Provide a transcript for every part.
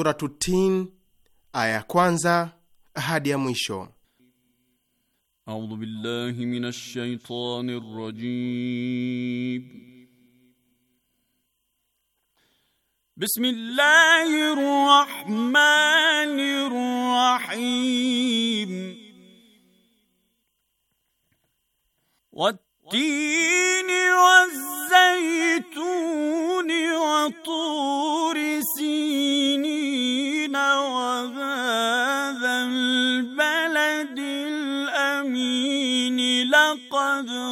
Suratu Tin, aya ya kwanza hadi ya mwisho. Audhu billahi minash shaitani rajim. Bismillahir rahmanir rahim. wat waz-zaytuni wa turi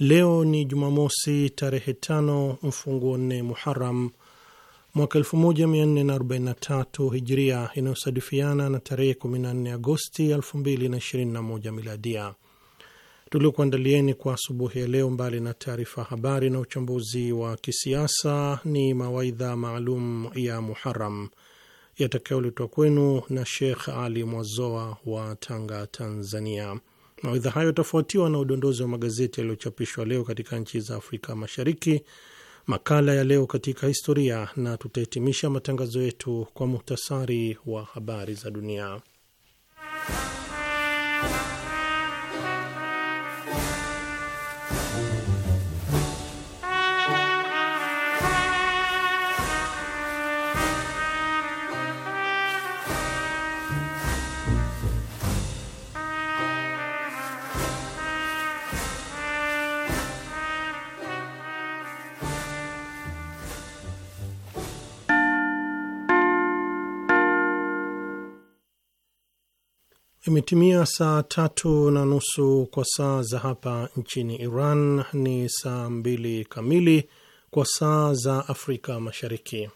Leo ni Jumamosi tarehe tano mfunguo nne Muharam mwaka 1443 Hijria, inayosadifiana na tarehe 14 Agosti 2021 Miladia. Tuliokuandalieni kwa asubuhi ya leo, mbali na taarifa habari na uchambuzi wa kisiasa, ni mawaidha maalum ya Muharam yatakayoletwa kwenu na Shekh Ali Mwazoa wa Tanga, Tanzania. Mawaidha hayo yatafuatiwa na udondozi wa magazeti yaliyochapishwa leo katika nchi za Afrika Mashariki, makala ya leo katika historia, na tutahitimisha matangazo yetu kwa muhtasari wa habari za dunia. Imetimia saa tatu na nusu kwa saa za hapa nchini Iran, ni saa mbili kamili kwa saa za Afrika Mashariki.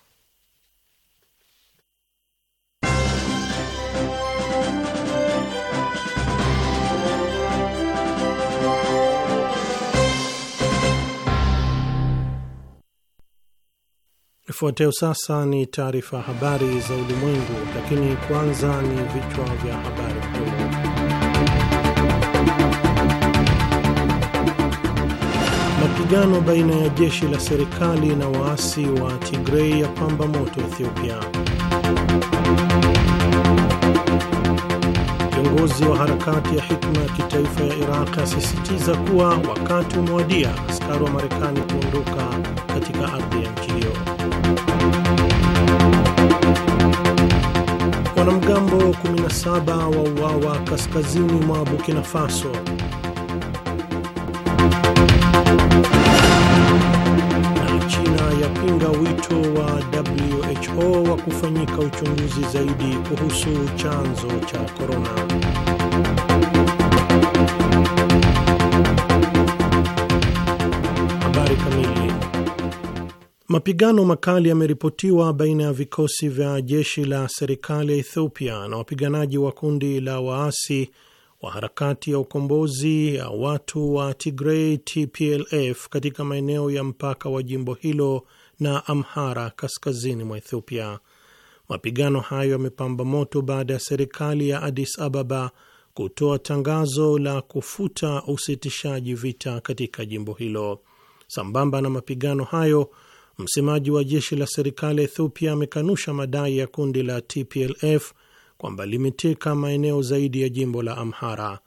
Ifuatayo sasa ni taarifa habari za ulimwengu, lakini kwanza ni vichwa vya habari kuu. Mapigano baina ya jeshi la serikali na waasi wa Tigrei ya pamba moto Ethiopia. Kiongozi wa harakati ya hikma ya kitaifa ya Iraq asisitiza kuwa wakati umewadia askari wa Marekani kuondoka katika ardhi ya nchi hiyo. Wanamgambo 17 wa uawa kaskazini mwa Burkina Faso. Na China yapinga wito wa WHO wa kufanyika uchunguzi zaidi kuhusu chanzo cha korona. Mapigano makali yameripotiwa baina ya vikosi vya jeshi la serikali ya Ethiopia na wapiganaji wa kundi la waasi wa harakati ya ukombozi ya watu wa Tigray TPLF katika maeneo ya mpaka wa jimbo hilo na Amhara kaskazini mwa Ethiopia. Mapigano hayo yamepamba moto baada ya serikali ya Addis Ababa kutoa tangazo la kufuta usitishaji vita katika jimbo hilo. Sambamba na mapigano hayo Msemaji wa jeshi la serikali ya Ethiopia amekanusha madai ya kundi la TPLF kwamba limeteka maeneo zaidi ya jimbo la Amhara.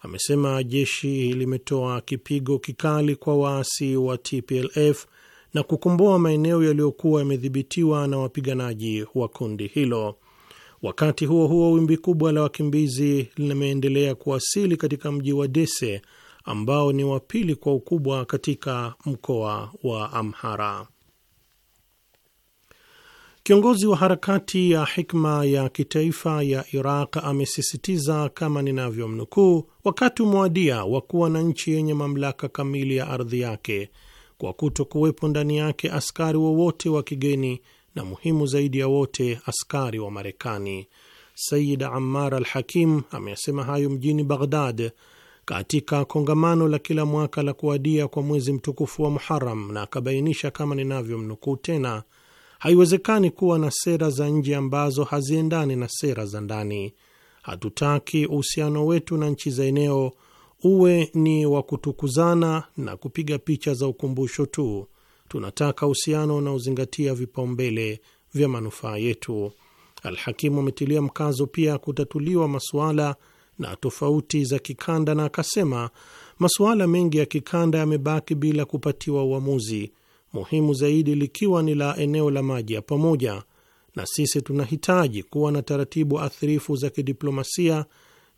Amesema jeshi limetoa kipigo kikali kwa waasi wa TPLF na kukomboa maeneo yaliyokuwa yamedhibitiwa na wapiganaji wa kundi hilo. Wakati huo huo, wimbi kubwa la wakimbizi limeendelea kuwasili katika mji wa Dese ambao ni wa pili kwa ukubwa katika mkoa wa Amhara. Kiongozi wa harakati ya Hikma ya kitaifa ya Iraq amesisitiza kama ninavyomnukuu, wakati umewadia wa kuwa na nchi yenye mamlaka kamili ya ardhi yake kwa kuto kuwepo ndani yake askari wowote wa, wa kigeni na muhimu zaidi ya wote askari wa Marekani. Sayid Ammar al Hakim ameyasema hayo mjini Baghdad katika kongamano la kila mwaka la kuadia kwa mwezi mtukufu wa Muharam, na akabainisha kama ninavyomnukuu tena Haiwezekani kuwa na sera za nje ambazo haziendani na sera za ndani. Hatutaki uhusiano wetu na nchi za eneo uwe ni wa kutukuzana na kupiga picha za ukumbusho tu. Tunataka uhusiano unaozingatia vipaumbele vya manufaa yetu. Alhakimu ametilia mkazo pia kutatuliwa masuala na tofauti za kikanda, na akasema masuala mengi ya kikanda yamebaki bila kupatiwa uamuzi muhimu zaidi likiwa ni la eneo la maji ya pamoja, na sisi tunahitaji kuwa na taratibu athirifu za kidiplomasia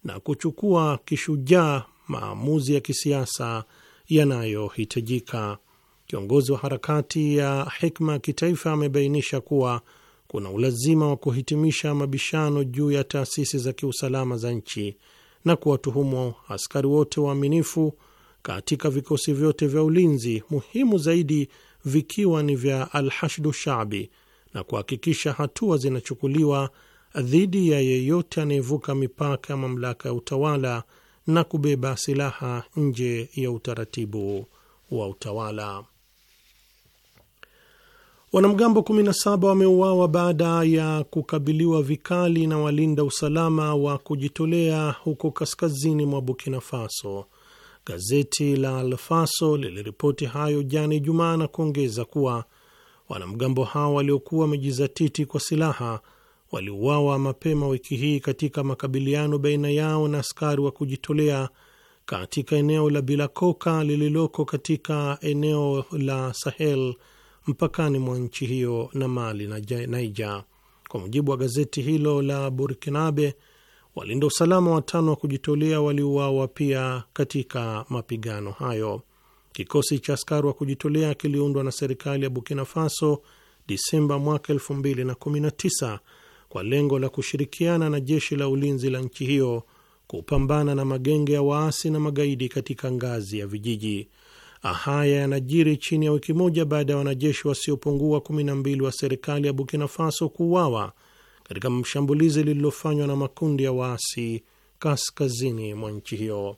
na kuchukua kishujaa maamuzi ya kisiasa yanayohitajika. Kiongozi wa harakati ya Hikma ya Kitaifa amebainisha kuwa kuna ulazima wa kuhitimisha mabishano juu ya taasisi za kiusalama za nchi na kuwatuhumu askari wote waaminifu katika vikosi vyote vya ulinzi, muhimu zaidi vikiwa ni vya Alhashdu Shabi na kuhakikisha hatua zinachukuliwa dhidi ya yeyote anayevuka mipaka ya mamlaka ya utawala na kubeba silaha nje ya utaratibu wa utawala. Wanamgambo 17 wameuawa baada ya kukabiliwa vikali na walinda usalama wa kujitolea huko kaskazini mwa Burkina Faso Gazeti la Alfaso liliripoti hayo jana Ijumaa na kuongeza kuwa wanamgambo hao waliokuwa wamejizatiti kwa silaha waliuawa mapema wiki hii katika makabiliano baina yao na askari wa kujitolea katika eneo la Bilakoka lililoko katika eneo la Sahel mpakani mwa nchi hiyo na Mali na Niger. Kwa mujibu wa gazeti hilo la Burkinabe, Walinda usalama watano wa kujitolea waliuawa pia katika mapigano hayo. Kikosi cha askari wa kujitolea kiliundwa na serikali ya Burkina Faso Disemba mwaka 2019 kwa lengo la kushirikiana na jeshi la ulinzi la nchi hiyo kupambana na magenge ya waasi na magaidi katika ngazi ya vijiji. Haya yanajiri chini ya wiki moja baada ya wanajeshi wasiopungua 12 wa serikali ya Burkina Faso kuuawa katika mshambulizi lililofanywa na makundi ya waasi kaskazini mwa nchi hiyo.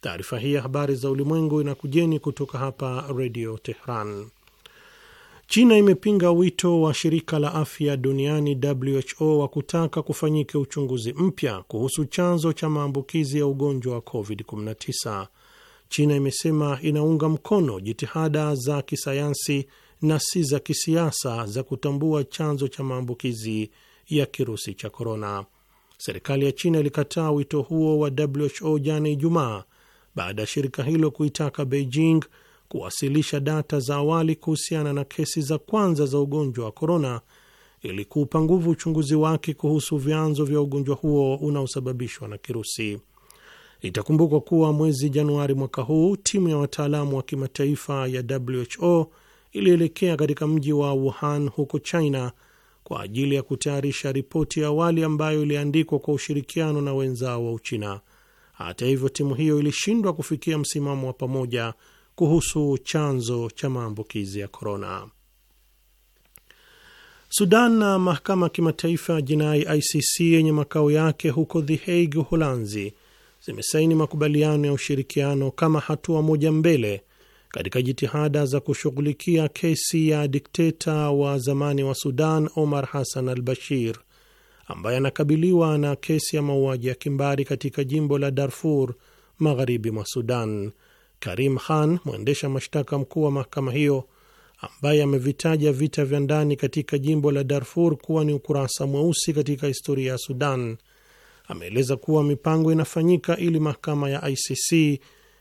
Taarifa hii ya habari za ulimwengu inakujeni kutoka hapa Redio Tehran. China imepinga wito wa shirika la afya duniani WHO wa kutaka kufanyike uchunguzi mpya kuhusu chanzo cha maambukizi ya ugonjwa wa COVID-19. China imesema inaunga mkono jitihada za kisayansi na si za kisiasa za kutambua chanzo cha maambukizi ya kirusi cha korona. Serikali ya China ilikataa wito huo wa WHO jana Ijumaa baada ya shirika hilo kuitaka Beijing kuwasilisha data za awali kuhusiana na kesi za kwanza za ugonjwa wa korona ili kuupa nguvu uchunguzi wake kuhusu vyanzo vya ugonjwa huo unaosababishwa na kirusi. Itakumbukwa kuwa mwezi Januari mwaka huu timu ya wataalamu wa kimataifa ya WHO ilielekea katika mji wa Wuhan huko China kwa ajili ya kutayarisha ripoti ya awali ambayo iliandikwa kwa ushirikiano na wenzao wa Uchina. Hata hivyo, timu hiyo ilishindwa kufikia msimamo wa pamoja kuhusu chanzo cha maambukizi ya korona. Sudan na mahakama ya kimataifa ya jinai ICC yenye makao yake huko The Hague, Uholanzi, zimesaini makubaliano ya ushirikiano kama hatua moja mbele katika jitihada za kushughulikia kesi ya dikteta wa zamani wa Sudan Omar Hassan al Bashir ambaye anakabiliwa na kesi ya mauaji ya kimbari katika jimbo la Darfur magharibi mwa Sudan. Karim Khan, mwendesha mashtaka mkuu wa mahakama hiyo, ambaye amevitaja vita vya ndani katika jimbo la Darfur kuwa ni ukurasa mweusi katika historia ya Sudan, ameeleza kuwa mipango inafanyika ili mahakama ya ICC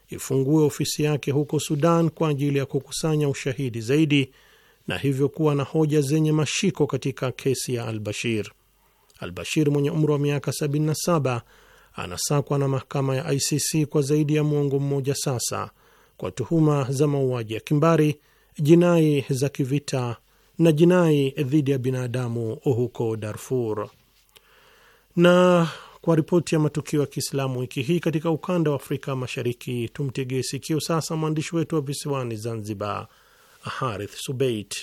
ifungue ofisi yake huko Sudan kwa ajili ya kukusanya ushahidi zaidi na hivyo kuwa na hoja zenye mashiko katika kesi ya Albashir. Albashir mwenye umri wa miaka 77 anasakwa na mahakama ya ICC kwa zaidi ya mwongo mmoja sasa kwa tuhuma za mauaji ya kimbari, jinai za kivita na jinai dhidi ya binadamu huko Darfur. Na kwa ripoti ya matukio ya Kiislamu wiki hii katika ukanda wa Afrika Mashariki. Tumtegee sikio sasa mwandishi wetu wa visiwani Zanzibar, Harith Subeit.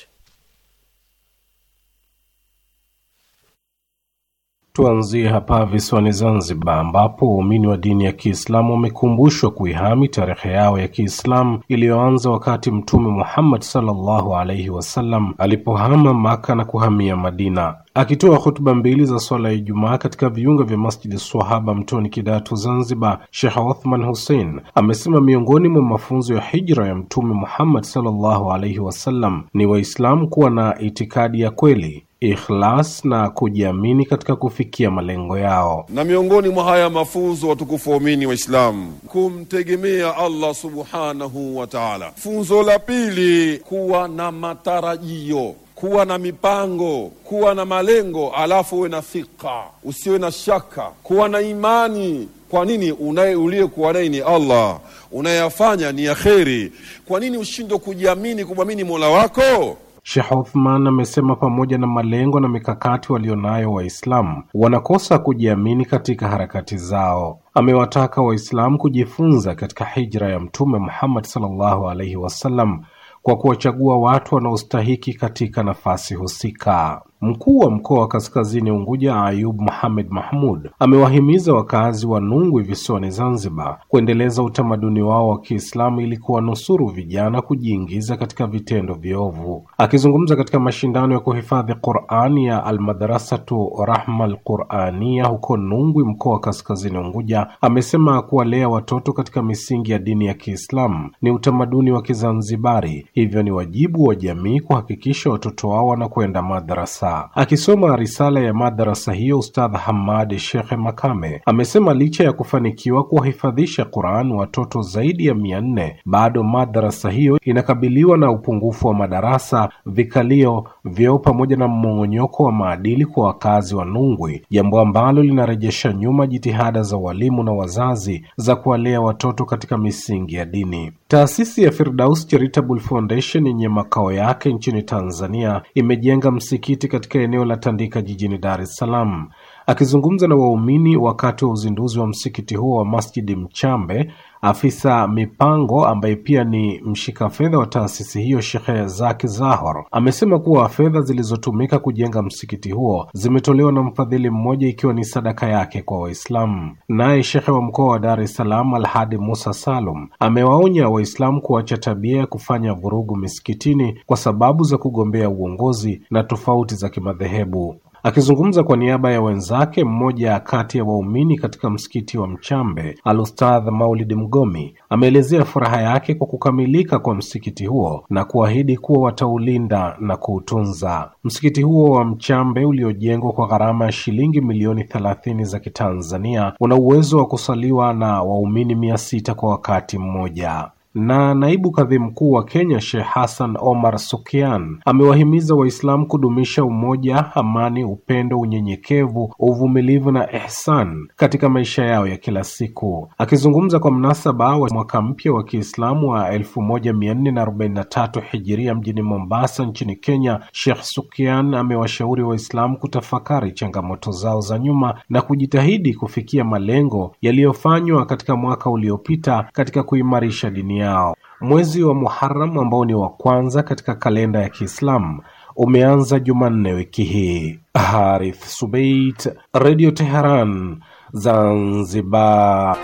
Tuanzie hapa visiwani Zanzibar, ambapo waumini wa dini ya Kiislamu wamekumbushwa kuihami tarehe yao ya Kiislamu iliyoanza wakati Mtume Muhammad sallallahu alaihi wasallam alipohama Maka na kuhamia Madina. Akitoa hutuba mbili za swala ya Ijumaa katika viunga vya Masjidi Swahaba Mtoni Kidatu, Zanzibar, Shekh Othman Hussein amesema miongoni mwa mafunzo ya hijra ya Mtume Muhammad sallallahu alaihi wasallam ni Waislamu kuwa na itikadi ya kweli ikhlas na kujiamini katika kufikia malengo yao. Na miongoni mwa haya mafunzo watukufu waumini Waislamu, kumtegemea Allah subhanahu wa taala. Funzo la pili, kuwa na matarajio kuwa na mipango, kuwa na malengo, alafu uwe na thika, usiwe na shaka, kuwa na imani. Kwa nini? Unaye uliyekuwa naye ni Allah, unayeyafanya ni ya kheri. Kwa nini ushindwe kujiamini, kumwamini mola wako? Sheikh Othman amesema pamoja na malengo na mikakati walionayo Waislamu wanakosa kujiamini katika harakati zao. Amewataka Waislamu kujifunza katika hijra ya Mtume Muhammad sallallahu alaihi wasallam kwa kuwachagua watu wanaostahiki katika nafasi husika. Mkuu wa Mkoa wa Kaskazini Unguja Ayub muhamed Mahmud amewahimiza wakazi wa Nungwi visiwani Zanzibar kuendeleza utamaduni wao wa Kiislamu ili kuwanusuru vijana kujiingiza katika vitendo viovu. Akizungumza katika mashindano ya kuhifadhi Qurani ya Almadrasatu Rahma Alqurania huko Nungwi, mkoa wa Kaskazini Unguja, amesema kuwalea watoto katika misingi ya dini ya Kiislamu ni utamaduni wa Kizanzibari, hivyo ni wajibu wa jamii kuhakikisha watoto wao wanakwenda madrasa. Akisoma risala ya madarasa hiyo, Ustadh Hamad Shekhe Makame amesema licha ya kufanikiwa kuwahifadhisha Quran watoto zaidi ya mia nne, bado madarasa hiyo inakabiliwa na upungufu wa madarasa, vikalio, vyoo pamoja na mmong'onyoko wa maadili kwa wakazi wa Nungwi, jambo ambalo linarejesha nyuma jitihada za walimu na wazazi za kuwalea watoto katika misingi ya dini. Taasisi ya Firdaus Charitable Foundation yenye makao yake nchini Tanzania imejenga msikiti katika eneo la Tandika jijini Dar es Salaam. Akizungumza na waumini wakati wa uzinduzi wa msikiti huo wa Masjidi Mchambe, afisa mipango ambaye pia ni mshika fedha wa taasisi hiyo, Shekhe Zaki Zahor amesema kuwa fedha zilizotumika kujenga msikiti huo zimetolewa na mfadhili mmoja ikiwa ni sadaka yake kwa Waislamu. Naye shekhe wa mkoa wa Dar es Salaam Alhadi Musa Salum amewaonya Waislamu kuacha tabia ya kufanya vurugu misikitini kwa sababu za kugombea uongozi na tofauti za kimadhehebu. Akizungumza kwa niaba ya wenzake, mmoja kati ya waumini katika msikiti wa Mchambe Alustadh Maulid Mgomi ameelezea furaha yake kwa kukamilika kwa msikiti huo na kuahidi kuwa wataulinda na kuutunza. Msikiti huo wa Mchambe uliojengwa kwa gharama ya shilingi milioni thelathini za Kitanzania una uwezo wa kusaliwa na waumini mia sita kwa wakati mmoja na naibu kadhi mkuu wa Kenya Sheikh Hassan Omar Sukian amewahimiza Waislamu kudumisha umoja, amani, upendo, unyenyekevu, uvumilivu na ihsan katika maisha yao ya kila siku. Akizungumza kwa mnasaba wa mwaka mpya wa Kiislamu wa 1443 Hijiria mjini Mombasa nchini Kenya, Sheikh Sukian amewashauri Waislamu kutafakari changamoto zao za nyuma na kujitahidi kufikia malengo yaliyofanywa katika mwaka uliopita katika kuimarisha dini yao. Mwezi wa Muharram ambao ni wa kwanza katika kalenda ya Kiislamu umeanza Jumanne wiki hii. Harith Subait, Radio Teheran, Zanzibar.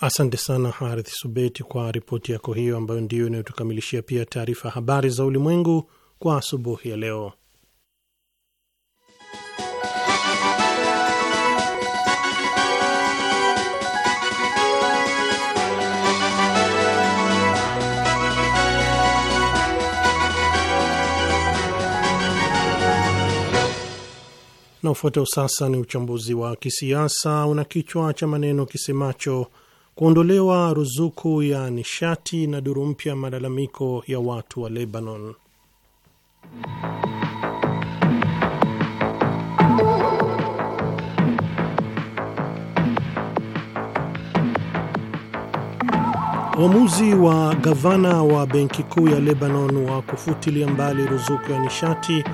Asante sana Harith Subeti kwa ripoti yako hiyo ambayo ndiyo inayotukamilishia pia taarifa habari za ulimwengu kwa asubuhi ya leo. Na ufuatao sasa ni uchambuzi wa kisiasa una kichwa cha maneno kisemacho kuondolewa ruzuku ya nishati na duru mpya malalamiko ya watu wa Lebanon. Uamuzi wa gavana wa benki kuu ya Lebanon wa kufutilia mbali ruzuku ya nishati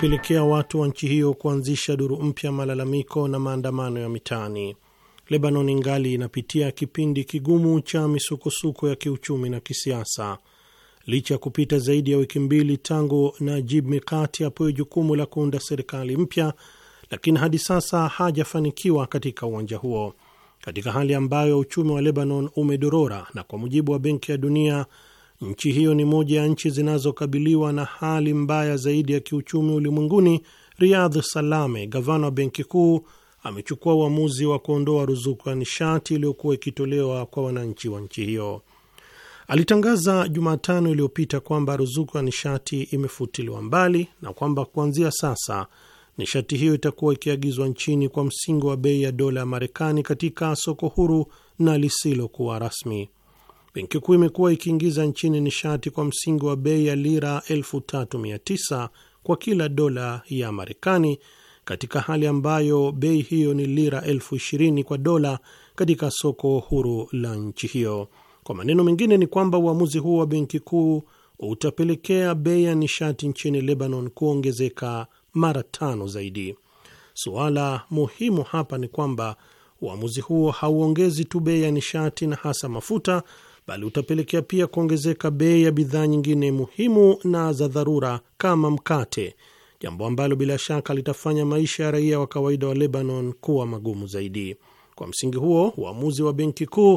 kupelekea watu wa nchi hiyo kuanzisha duru mpya malalamiko na maandamano ya mitaani. Lebanon ingali inapitia kipindi kigumu cha misukosuko ya kiuchumi na kisiasa licha ya kupita zaidi ya wiki mbili tangu Najib Mikati apewe jukumu la kuunda serikali mpya, lakini hadi sasa hajafanikiwa katika uwanja huo, katika hali ambayo uchumi wa Lebanon umedorora na kwa mujibu wa Benki ya Dunia Nchi hiyo ni moja ya nchi zinazokabiliwa na hali mbaya zaidi ya kiuchumi ulimwenguni. Riyadh Salame, gavana wa benki kuu, amechukua uamuzi wa kuondoa ruzuku ya nishati iliyokuwa ikitolewa kwa wananchi wa nchi hiyo. Alitangaza Jumatano iliyopita kwamba ruzuku ya nishati imefutiliwa mbali na kwamba kuanzia sasa nishati hiyo itakuwa ikiagizwa nchini kwa msingi wa bei ya dola ya Marekani katika soko huru na lisilokuwa rasmi benki kuu imekuwa ikiingiza nchini nishati kwa msingi wa bei ya lira 39 kwa kila dola ya Marekani, katika hali ambayo bei hiyo ni lira 20 kwa dola katika soko huru la nchi hiyo. Kwa maneno mengine ni kwamba uamuzi huo wa benki kuu utapelekea bei ya nishati nchini Lebanon kuongezeka mara tano zaidi. Suala muhimu hapa ni kwamba uamuzi huo hauongezi tu bei ya nishati na hasa mafuta, bali utapelekea pia kuongezeka bei ya bidhaa nyingine muhimu na za dharura kama mkate, jambo ambalo bila shaka litafanya maisha ya raia wa kawaida wa Lebanon kuwa magumu zaidi. Kwa msingi huo, uamuzi wa benki kuu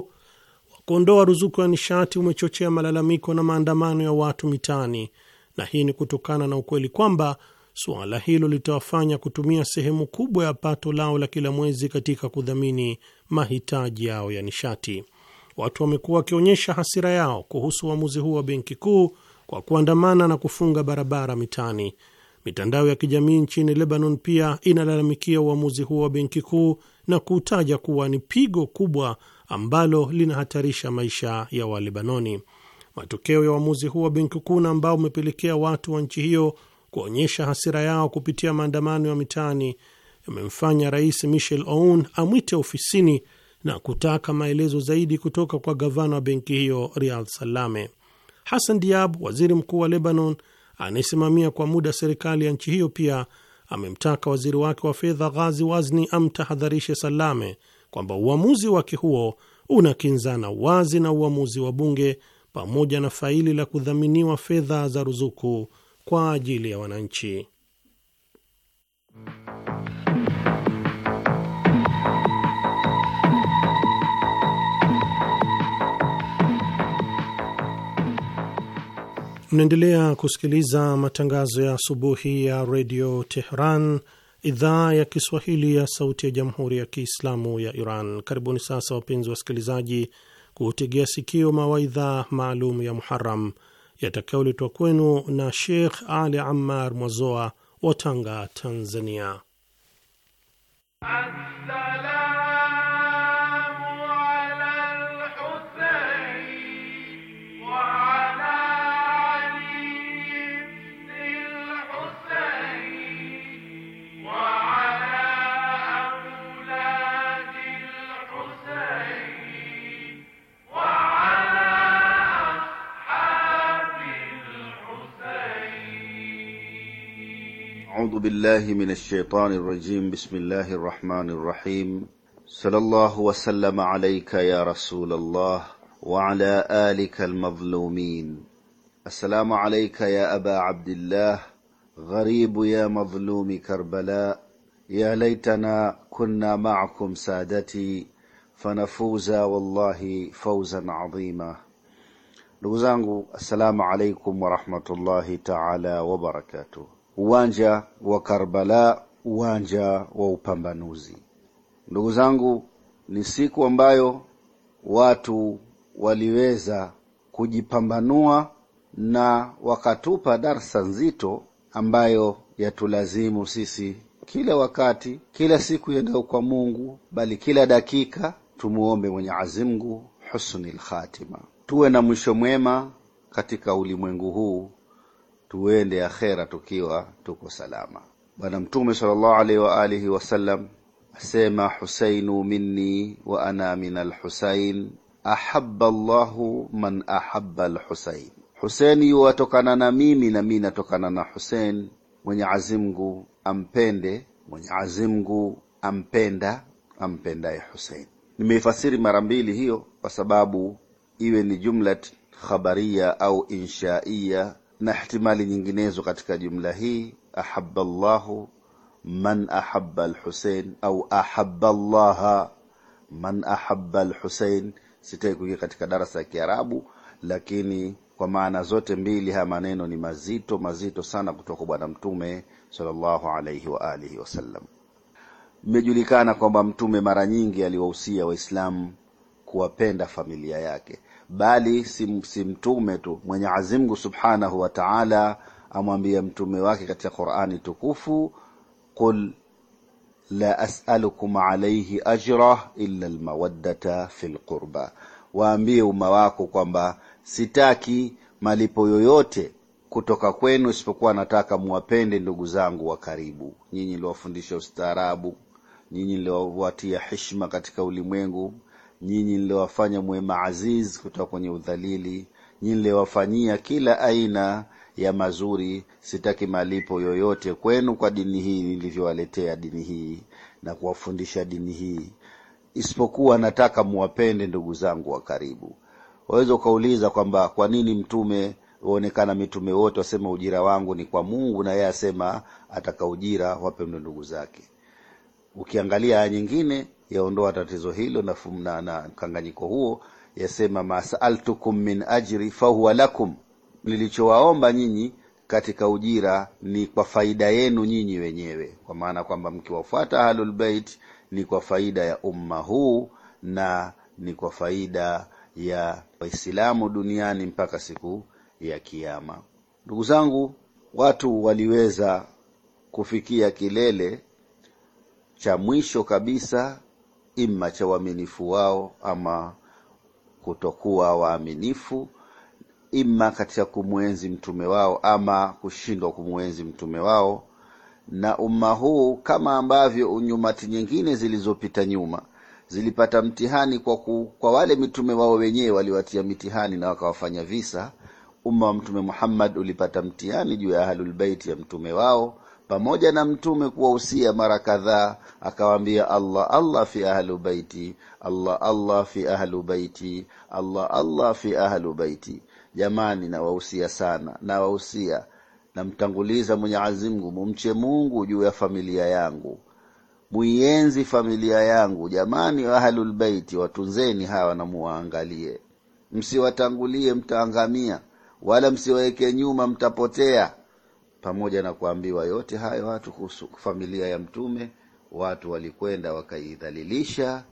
wa kuondoa ruzuku ya nishati umechochea malalamiko na maandamano ya watu mitaani, na hii ni kutokana na ukweli kwamba suala hilo litawafanya kutumia sehemu kubwa ya pato lao la kila mwezi katika kudhamini mahitaji yao ya nishati watu wamekuwa wakionyesha hasira yao kuhusu uamuzi huu wa benki kuu kwa kuandamana na kufunga barabara mitaani. Mitandao ya kijamii nchini Lebanon pia inalalamikia uamuzi huo wa benki kuu na kuutaja kuwa ni pigo kubwa ambalo linahatarisha maisha ya Walebanoni. Matokeo ya uamuzi huo wa benki kuu na ambao umepelekea watu wa nchi hiyo kuonyesha hasira yao kupitia maandamano ya mitaani yamemfanya Rais Michel Aoun amwite ofisini na kutaka maelezo zaidi kutoka kwa gavana wa benki hiyo Riyad Salame. Hassan Diab, waziri mkuu wa Lebanon anayesimamia kwa muda serikali ya nchi hiyo, pia amemtaka waziri wake wa fedha Ghazi Wazni amtahadharishe Salame kwamba uamuzi wake huo unakinzana wazi na uamuzi wa bunge pamoja na faili la kudhaminiwa fedha za ruzuku kwa ajili ya wananchi. Mnaendelea kusikiliza matangazo ya asubuhi ya redio Tehran, idhaa ya Kiswahili ya sauti ya jamhuri ya Kiislamu ya Iran. Karibuni sasa, wapenzi wasikilizaji, kutegea sikio mawaidha maalum ya Muharam yatakayoletwa kwenu na Sheikh Ali Ammar Mwazoa wa Tanga, Tanzania. Assalam. أعوذ بالله من الشيطان الرجيم بسم الله الرحمن الرحيم صلى الله وسلم عليك يا رسول الله وعلى آلك المظلومين السلام عليك يا أبا عبد الله غريب يا مظلوم كربلاء يا ليتنا كنا معكم سادتي فنفوز والله فوزا عظيما لغزانغو السلام عليكم ورحمة الله تعالى وبركاته uwanja wa Karbala, uwanja wa upambanuzi. Ndugu zangu, ni siku ambayo watu waliweza kujipambanua na wakatupa darsa nzito ambayo yatulazimu sisi kila wakati, kila siku yendao kwa Mungu, bali kila dakika tumuombe Mwenyezi Mungu husnul khatima, tuwe na mwisho mwema katika ulimwengu huu tuende akhera tukiwa tuko salama. Bwana Mtume sallallahu alaihi wa alihi wasallam asema, husainu minni wa ana min alhusain ahabba llahu man ahabba alhusain, Husaini yuwatokana na mimi na mimi natokana na Husain. Mwenyezi Mungu ampende, Mwenyezi Mungu ampenda ampendaye Husain. Nimeifasiri mara mbili hiyo kwa sababu iwe ni jumla khabaria au inshaia na ihtimali nyinginezo katika jumla hii, ahaba llahu man ahaba lhusein au ahaba llaha man ahaba lhusein. Sitaki kuingia katika darasa ya Kiarabu, lakini kwa maana zote mbili haya maneno ni mazito mazito sana kutoka kwa Bwana Mtume sallallahu alaihi wa alihi wasallam. Imejulikana kwamba Mtume mara nyingi aliwahusia Waislamu kuwapenda familia yake bali si mtume tu. Mwenyezi Mungu subhanahu wa taala amwambie mtume wake katika Qurani tukufu, qul la as'alukum alayhi ajra illa almawaddata fil qurba, waambie umma wako kwamba sitaki malipo yoyote kutoka kwenu isipokuwa nataka muwapende ndugu zangu wa karibu. Nyinyi niliwafundisha ustaarabu, nyinyi niliwatia heshima katika ulimwengu nyinyi niliwafanya mwe maaziz kutoka kwenye udhalili, nyinyi niliwafanyia kila aina ya mazuri, sitaki malipo yoyote kwenu kwa dini hii nilivyowaletea dini hii na kuwafundisha dini hii, isipokuwa nataka muwapende ndugu zangu wa karibu. Waweza ukauliza kwamba kwa nini mtume waonekana mitume wote wasema ujira wangu ni kwa Mungu, na yeye asema ataka ujira wapendwe ndugu zake. Ukiangalia aya nyingine yaondoa tatizo hilo na fumna na mkanganyiko huo, yasema masaltukum min ajri fahuwa lakum, nilichowaomba nyinyi katika ujira ni kwa faida yenu nyinyi wenyewe, kwa maana kwamba mkiwafuata Ahlul Bait ni kwa faida ya umma huu na ni kwa faida ya Waislamu duniani mpaka siku ya kiama Ndugu zangu, watu waliweza kufikia kilele cha mwisho kabisa ima cha uaminifu wao ama kutokuwa waaminifu, ima katika kumwenzi mtume wao ama kushindwa kumwenzi mtume wao. Na umma huu kama ambavyo unyumati nyingine zilizopita nyuma zilipata mtihani kwa, ku, kwa wale mitume wao wenyewe waliwatia mitihani na wakawafanya visa. Umma wa Mtume Muhammad ulipata mtihani juu ya Ahlulbeiti ya mtume wao pamoja na mtume kuwahusia mara kadhaa, akawaambia Allah Allah fi ahlu baiti, Allah Allah fi ahlu baiti, Allah Allah fi ahlu baiti. Jamani, nawahusia sana, nawahusia, namtanguliza mwenyeazimgu mumche Mungu juu ya familia yangu, muienzi familia yangu. Jamani, ahlul ahlulbeiti watunzeni hawa namuwaangalie msiwatangulie mtaangamia, wala msiwaweke nyuma mtapotea pamoja na kuambiwa yote hayo watu kuhusu familia ya Mtume, watu walikwenda wakaidhalilisha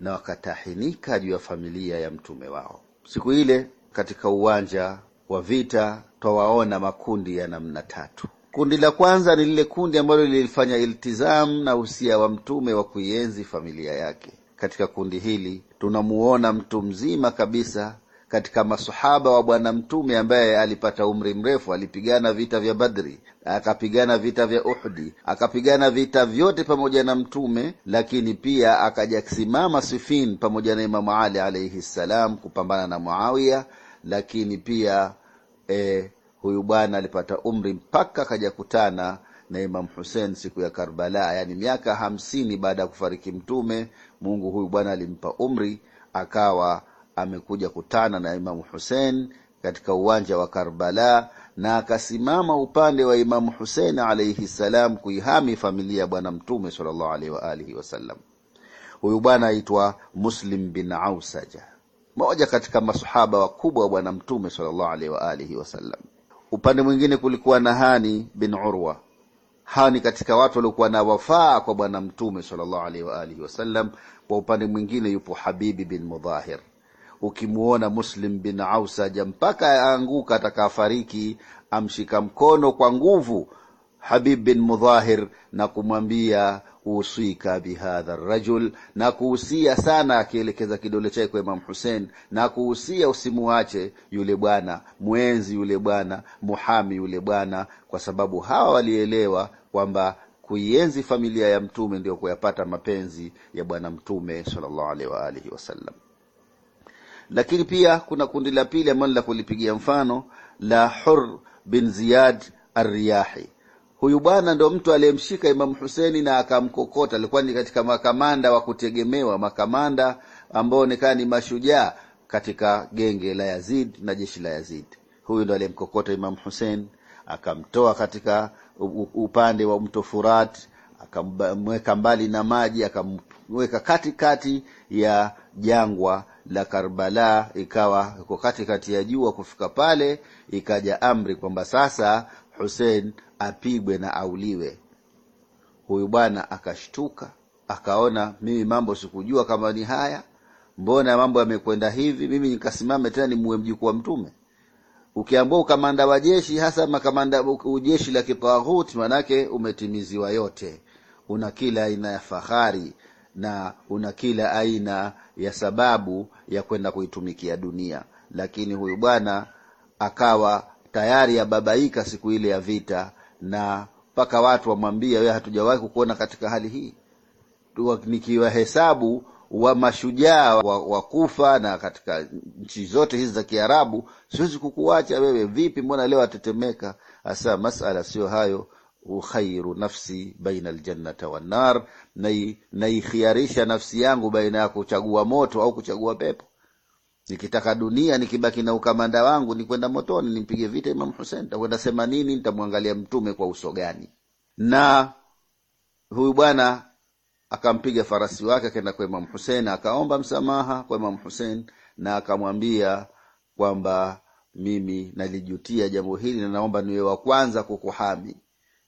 na wakatahinika juu ya familia ya mtume wao. Siku ile katika uwanja wa vita twawaona makundi ya namna tatu. Kundi la kwanza ni lile kundi ambalo lilifanya iltizamu na usia wa mtume wa kuienzi familia yake. Katika kundi hili tunamuona mtu mzima kabisa katika masahaba wa Bwana Mtume ambaye alipata umri mrefu. Alipigana vita vya Badri, akapigana vita vya Uhdi, akapigana vita vyote pamoja na Mtume, lakini pia akaja kusimama Sifin pamoja na Imamu Ali alaihi ssalam kupambana na Muawiya, lakini pia e, huyu bwana alipata umri mpaka akaja kutana na Imam Hussein siku ya Karbala, yani miaka hamsini baada ya kufariki Mtume. Mungu huyu bwana alimpa umri akawa amekuja kutana na Imamu Husein katika uwanja wa Karbala na akasimama upande wa Imamu Husein alaihi ssalam kuihami familia ya Bwana Mtume sallallahu alaihi wa alihi wasallam. Huyu bwana aitwa Muslim bin Ausaja, moja katika masahaba wakubwa wa Bwana Mtume sallallahu alaihi wa alihi wasallam. Upande mwingine kulikuwa na Hani bin Urwa. Hani katika watu waliokuwa na wafaa kwa Bwana Mtume sallallahu alaihi wa alihi wasallam. Kwa upande mwingine yupo Habibi bin Mudhahir ukimuona Muslim bin Ausaja mpaka aanguka atakafariki, amshika mkono kwa nguvu Habib bin Mudhahir na kumwambia usika bihadha rajul, na kuhusia sana, akielekeza kidole chake kwa Imam Hussein na kuhusia, usimuache yule bwana, mwenzi yule bwana, muhami yule bwana, kwa sababu hawa walielewa kwamba kuienzi familia ya Mtume ndio kuyapata mapenzi ya Bwana Mtume sallallahu alaihi wa alihi wasallam. Lakini pia kuna kundi la pili ambalo la kulipigia mfano la Hur bin Ziyad Arriyahi. Huyu bwana ndo mtu aliyemshika imam Huseni na akamkokota. Alikuwa ni katika makamanda wa kutegemewa, makamanda ambao onekana ni mashujaa katika genge la Yazid na jeshi la Yazid. Huyu ndo aliyemkokota imam Hussein akamtoa katika upande wa mto Furat, akamweka mbali na maji, akamweka katikati ya jangwa la Karbala ikawa iko katikati ya jua kufika pale, ikaja amri kwamba sasa Hussein apigwe na auliwe. Huyu bwana akashtuka, akaona mimi mambo sikujua kama ni haya, mbona mambo yamekwenda hivi? Mimi nikasimame tena nimuue mjukuu wa Mtume? Ukiambua ukamanda wa jeshi, hasa makamanda ujeshi la kitaghuti, manake umetimiziwa yote, una kila aina ya fahari na una kila aina ya sababu ya kwenda kuitumikia dunia, lakini huyu bwana akawa tayari ababaika siku ile ya vita, na mpaka watu wamwambia, wewe, hatujawahi kukuona katika hali hii, nikiwahesabu wa mashujaa wa kufa na katika nchi zote hizi za Kiarabu, siwezi kukuacha wewe. Vipi, mbona leo atetemeka? Hasa masala sio hayo ukhairu nafsi baina aljannata wannar, naikhiarisha nafsi yangu baina ya kuchagua moto au kuchagua pepo. Nikitaka dunia, nikibaki na ukamanda wangu, nikwenda motoni, nimpige vita Imam Hussein, takwenda semanini ntamwangalia mtume kwa uso gani? Na huyu bwana akampiga farasi wake, akaenda kwa Imam Hussein, akaomba msamaha kwa Imam Hussein na akamwambia kwamba mimi nalijutia jambo hili na naomba niwe wa kwanza kukuhami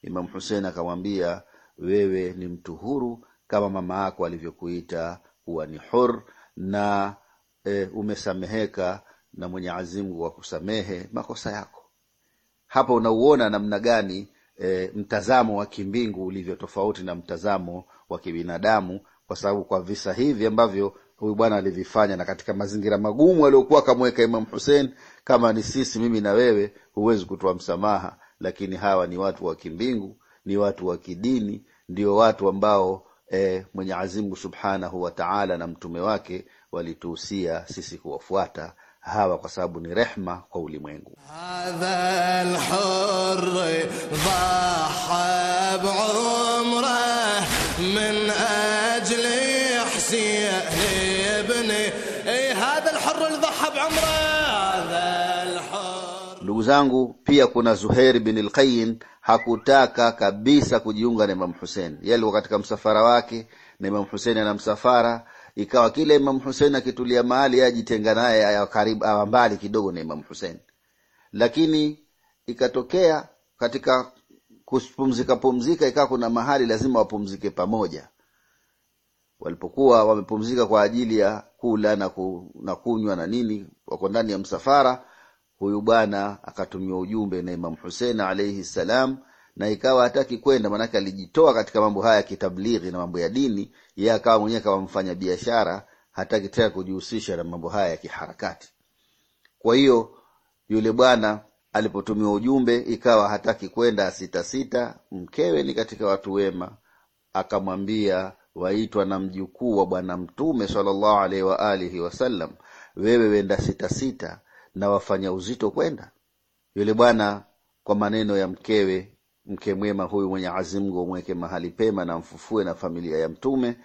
Imamu Husein akamwambia, wewe ni mtu huru kama mama yako alivyokuita kuwa ni hur, na e, umesameheka na Mwenyezi Mungu kusamehe makosa yako. Hapa unauona namna gani e, mtazamo wa kimbingu ulivyo tofauti na mtazamo wa kibinadamu, kwa sababu kwa visa hivi ambavyo huyu bwana alivifanya na katika mazingira magumu aliyokuwa akamweka imam Hussein, kama ni sisi, mimi na wewe, huwezi kutoa msamaha lakini hawa ni watu wa kimbingu, ni watu wa kidini, ndio watu ambao e, Mwenyezi Mungu Subhanahu wa Ta'ala na mtume wake walituhusia sisi kuwafuata hawa kwa sababu ni rehma kwa ulimwengu ndugu zangu, pia kuna zuheir bin al hakutaka kabisa kujiunga na Imam Hussein. Yeye alikuwa katika msafara wake na Imam Hussein ana msafara, ikawa kila Imam Hussein akitulia mahali ajitenga naye, karibu awa mbali kidogo na Imam Hussein. Lakini ikatokea katika kupumzika pumzika, ikawa kuna mahali lazima wapumzike pamoja. Walipokuwa wamepumzika kwa ajili ya kula na kunywa na nini, wako ndani ya msafara huyu bwana akatumia ujumbe na Imam Hussein alayhi salam, na ikawa hataki kwenda, maanake alijitoa katika mambo haya ya kitablighi na mambo ya dini. Yeye akawa mwenyewe kama mfanya biashara, hataki tena kujihusisha na mambo haya ya kiharakati. Kwa hiyo yule bwana alipotumiwa ujumbe ikawa hataki kwenda, sita sita. Mkewe ni katika watu wema, akamwambia waitwa na mjukuu wa Bwana Mtume sallallahu alaihi wa alihi wasallam, wewe wenda sita sita na wafanya uzito kwenda. Yule bwana kwa maneno ya mkewe, mke mwema huyu mwenye azimgu umweke mahali pema na mfufue na familia ya Mtume,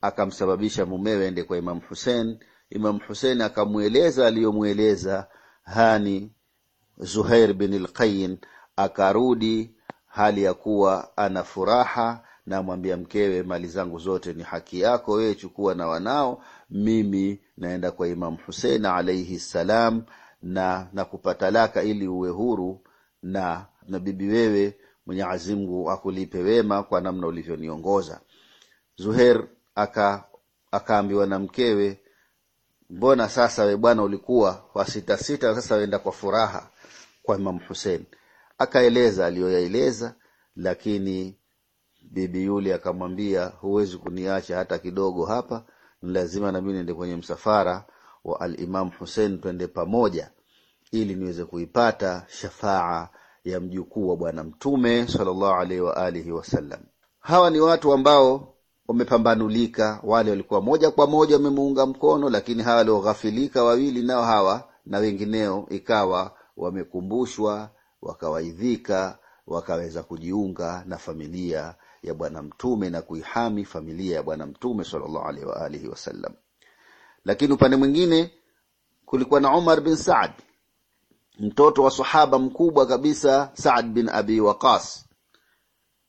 akamsababisha mumewe ende kwa Imamu husen Imamu husen akamweleza aliyomweleza hani Zuhair bin lqayin akarudi hali ya kuwa ana furaha, namwambia mkewe, mali zangu zote ni haki yako wewe, chukua na wanao mimi naenda kwa imam Husein alaihi ssalam, na nakupa talaka ili uwe huru na na bibi wewe, mwenyeazimgu akulipe wema kwa namna ulivyoniongoza. Zuher aka akaambiwa na mkewe, mbona sasa we bwana ulikuwa wa wasitasita, sasa wenda kwa furaha kwa imam Husein. Akaeleza aliyoyaeleza, lakini bibi yule akamwambia, huwezi kuniacha hata kidogo hapa lazima nami niende kwenye msafara wa alimamu Husein, twende pamoja ili niweze kuipata shafaa ya mjukuu wa Bwana Mtume sallallahu alaihi wa alihi wasallam. Hawa ni watu ambao wamepambanulika. Wale walikuwa moja kwa moja wamemuunga mkono, lakini hawa walioghafilika wawili nao hawa na wengineo, ikawa wamekumbushwa, wakawaidhika, wakaweza kujiunga na familia ya Bwana Mtume na kuihami familia ya Bwana Mtume sallallahu alaihi wa alihi wasallam. Lakini upande mwingine kulikuwa na Umar bin Saad, mtoto wa sahaba mkubwa kabisa Saad bin Abi Waqas.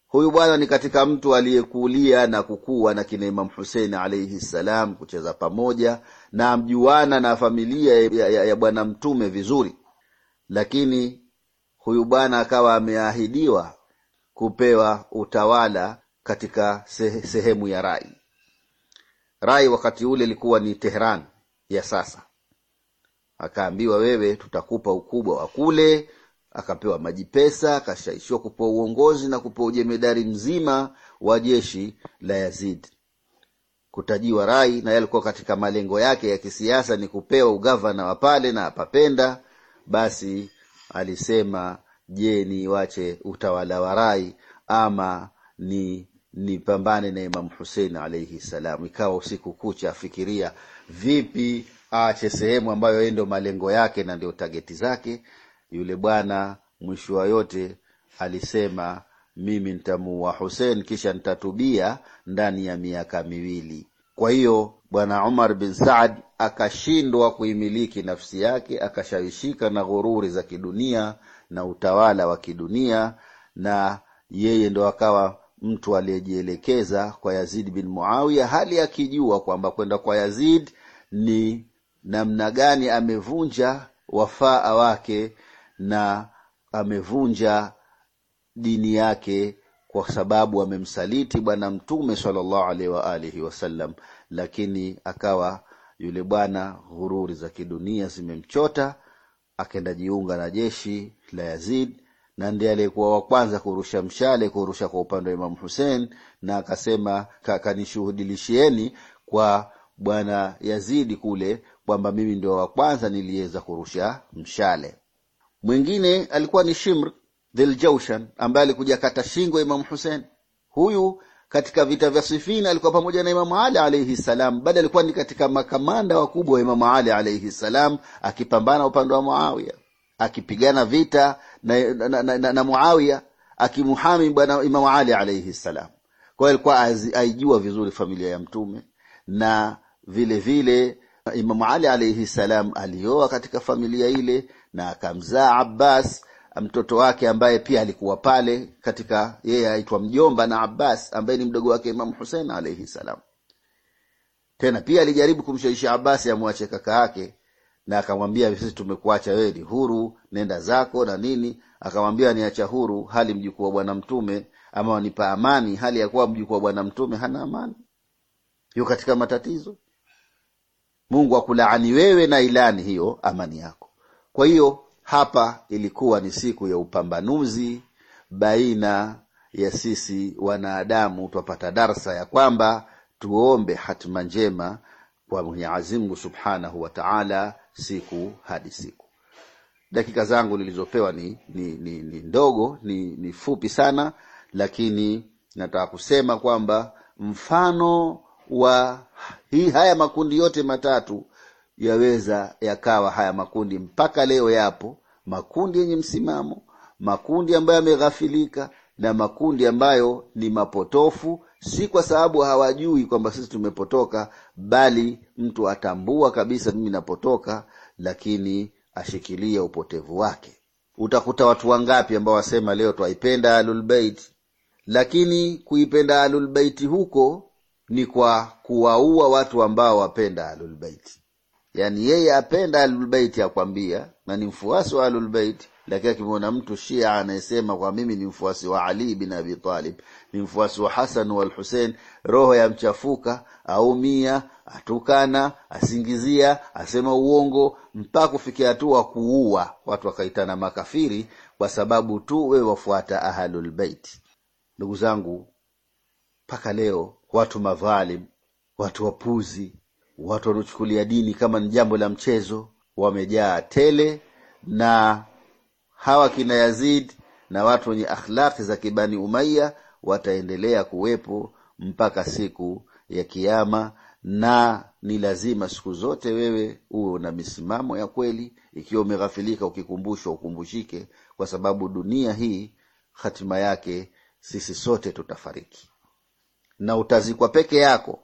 Huyu bwana ni katika mtu aliyekulia na kukua na kina Imam Hussein alaihi salam, kucheza pamoja na mjuana na familia ya, ya, ya Bwana Mtume vizuri, lakini huyu bwana akawa ameahidiwa kupewa utawala katika sehemu ya rai rai wakati ule ilikuwa ni tehran ya sasa akaambiwa wewe tutakupa ukubwa wa kule akapewa maji pesa akashaishiwa kupewa uongozi na kupewa ujemedari mzima wa jeshi la yazid kutajiwa rai na alikuwa katika malengo yake ya kisiasa ni kupewa ugavana wa pale na apapenda basi alisema je niwache utawala wa rai ama ni nipambane na Imamu Husein alaihi salam. Ikawa usiku kucha afikiria vipi aache sehemu ambayo yeye ndio malengo yake na ndio tageti zake. Yule bwana mwisho wa yote alisema mimi nitamuua Husein kisha nitatubia ndani ya miaka miwili. Kwa hiyo bwana Umar bin Saad akashindwa kuimiliki nafsi yake, akashawishika na ghururi za kidunia na utawala wa kidunia, na yeye ndo akawa mtu aliyejielekeza kwa Yazid bin Muawiya, hali akijua kwamba kwenda kwa Yazid ni namna gani amevunja wafaa wake na amevunja dini yake kwa sababu amemsaliti Bwana Mtume sallallahu alaihi waalihi wasallam, lakini akawa yule bwana, ghururi za kidunia zimemchota, akaenda jiunga na jeshi la Yazid na ndiye aliyekuwa wa kwanza kurusha mshale kurusha kwa upande wa Imamu Husein, na akasema kanishuhudilishieni kwa bwana Yazidi kule kwamba mimi ndio wa kwanza niliweza kurusha mshale. Mwingine alikuwa ni Shimr Dhil ambaye alikuja kata shingo ya Imamu Husein. Huyu katika vita vya Sifin alikuwa pamoja na Imamu Ali alaihi salam, bali alikuwa ni katika makamanda wakubwa wa Imamu Ali alaihi salam, akipambana upande wa Muawiya akipigana vita na, na, na, na, na, Muawiya akimuhami bwana Imamu Ali alaihi ssalam Kwa hiyo alikuwa aijua vizuri familia ya Mtume na vile vile Imamu Ali alaihi ssalam alioa katika familia ile na akamzaa Abbas mtoto wake ambaye pia alikuwa pale katika yeye aitwa mjomba na Abbas ambaye ni mdogo wake Imamu Husein alaihi salam. Tena pia alijaribu kumshawishi Abbas amwache kaka yake na akamwambia, sisi tumekuacha wewe, ni huru, nenda zako na nini. Akamwambia, niacha huru hali mjukuu wa Bwana Mtume, ama wanipa amani hali ya kuwa mjukuu wa Bwana Mtume hana amani, yuko katika matatizo. Mungu akulaani wewe na ilani hiyo amani yako. Kwa hiyo hapa ilikuwa ni siku ya upambanuzi baina ya sisi wanadamu, twapata darsa ya kwamba tuombe hatima njema kwa Mwenyezi Mungu Subhanahu wa Ta'ala siku hadi siku. Dakika zangu nilizopewa ni, ni, ni, ni ndogo ni, ni fupi sana, lakini nataka kusema kwamba mfano wa hii haya makundi yote matatu yaweza yakawa haya makundi mpaka leo yapo makundi yenye msimamo, makundi ambayo yameghafilika na makundi ambayo ni mapotofu si kwa sababu hawajui kwamba sisi tumepotoka, bali mtu atambua kabisa, mimi napotoka, lakini ashikilia upotevu wake. Utakuta watu wangapi ambao wasema leo twaipenda alulbeit lakini kuipenda alulbeiti huko ni kwa kuwaua watu ambao wapenda alulbeiti Yaani yeye apenda alulbeiti akwambia na ni mfuasi wa alulbeiti lakini akimwona mtu Shia anayesema kwa mimi ni mfuasi wa Ali bin Abi Talib, ni mfuasi wa Hasan wal Husein, roho yamchafuka, aumia, atukana, asingizia, asema uongo, mpaka kufikia hatua kuua watu, wakaitana makafiri kwa sababu tu wewe wafuata Ahlul Bait. Ndugu zangu, mpaka leo watu madhalim, watu wapuzi, watu wanaochukulia dini kama ni jambo la mchezo wamejaa tele na hawa kina Yazid na watu wenye akhlaki za kibani Umaya wataendelea kuwepo mpaka siku ya Kiama, na ni lazima siku zote wewe uwe na misimamo ya kweli. Ikiwa umeghafilika, ukikumbushwa ukumbushike, kwa sababu dunia hii hatima yake sisi sote tutafariki na utazikwa peke yako.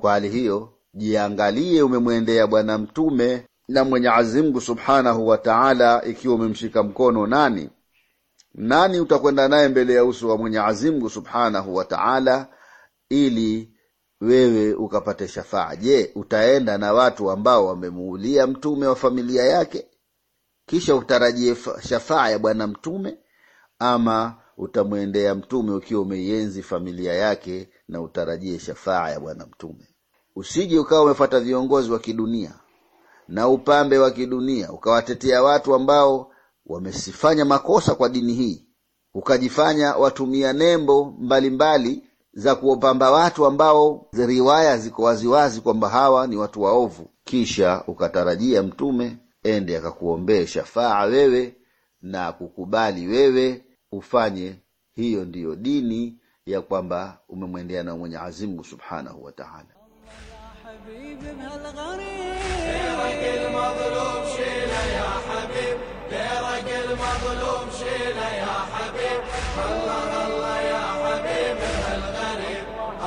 Kwa hali hiyo, jiangalie, umemwendea Bwana Mtume na Mwenyezi Mungu subhanahu wa taala, ikiwa umemshika mkono nani nani utakwenda naye mbele ya uso wa Mwenyezi Mungu subhanahu wa taala ili wewe ukapate shafaa. Je, utaenda na watu ambao wamemuulia mtume wa familia yake, kisha utarajie shafaa ya bwana mtume, ama utamwendea mtume ukiwa umeienzi familia yake na utarajie shafaa ya bwana mtume? Usije ukawa umefata viongozi wa kidunia na upambe wa kidunia, ukawatetea watu ambao wamesifanya makosa kwa dini hii, ukajifanya watumia nembo mbalimbali mbali za kuwapamba watu ambao riwaya ziko waziwazi kwamba hawa ni watu waovu, kisha ukatarajia mtume ende akakuombee shafaa wewe na kukubali wewe ufanye hiyo. Ndiyo dini ya kwamba umemwendea na Mwenyezi subhanahu wataala حبيب بهالغريب غيرك المظلوم شيله يا حبيب غيرك المظلوم شيله يا حبيب الله الله يا حبيب بهالغريب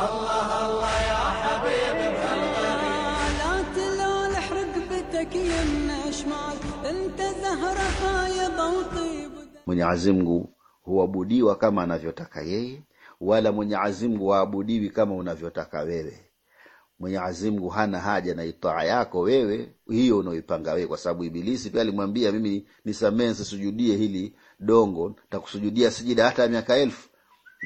الله الله يا حبيب بهالغريب لا تلون رقبتك يمنا شمال انت زهره فايضه وطيب mwenye azimgu huabudiwa kama anavyotaka yeye wala mwenye azimgu waabudiwi kama unavyotaka wewe Mwenyezi Mungu hana haja na itaa yako wewe hiyo unaoipanga wewe, kwa sababu Ibilisi pia alimwambia, mimi nisamee, nisisujudie hili dongo, takusujudia sijida hata ya miaka elfu.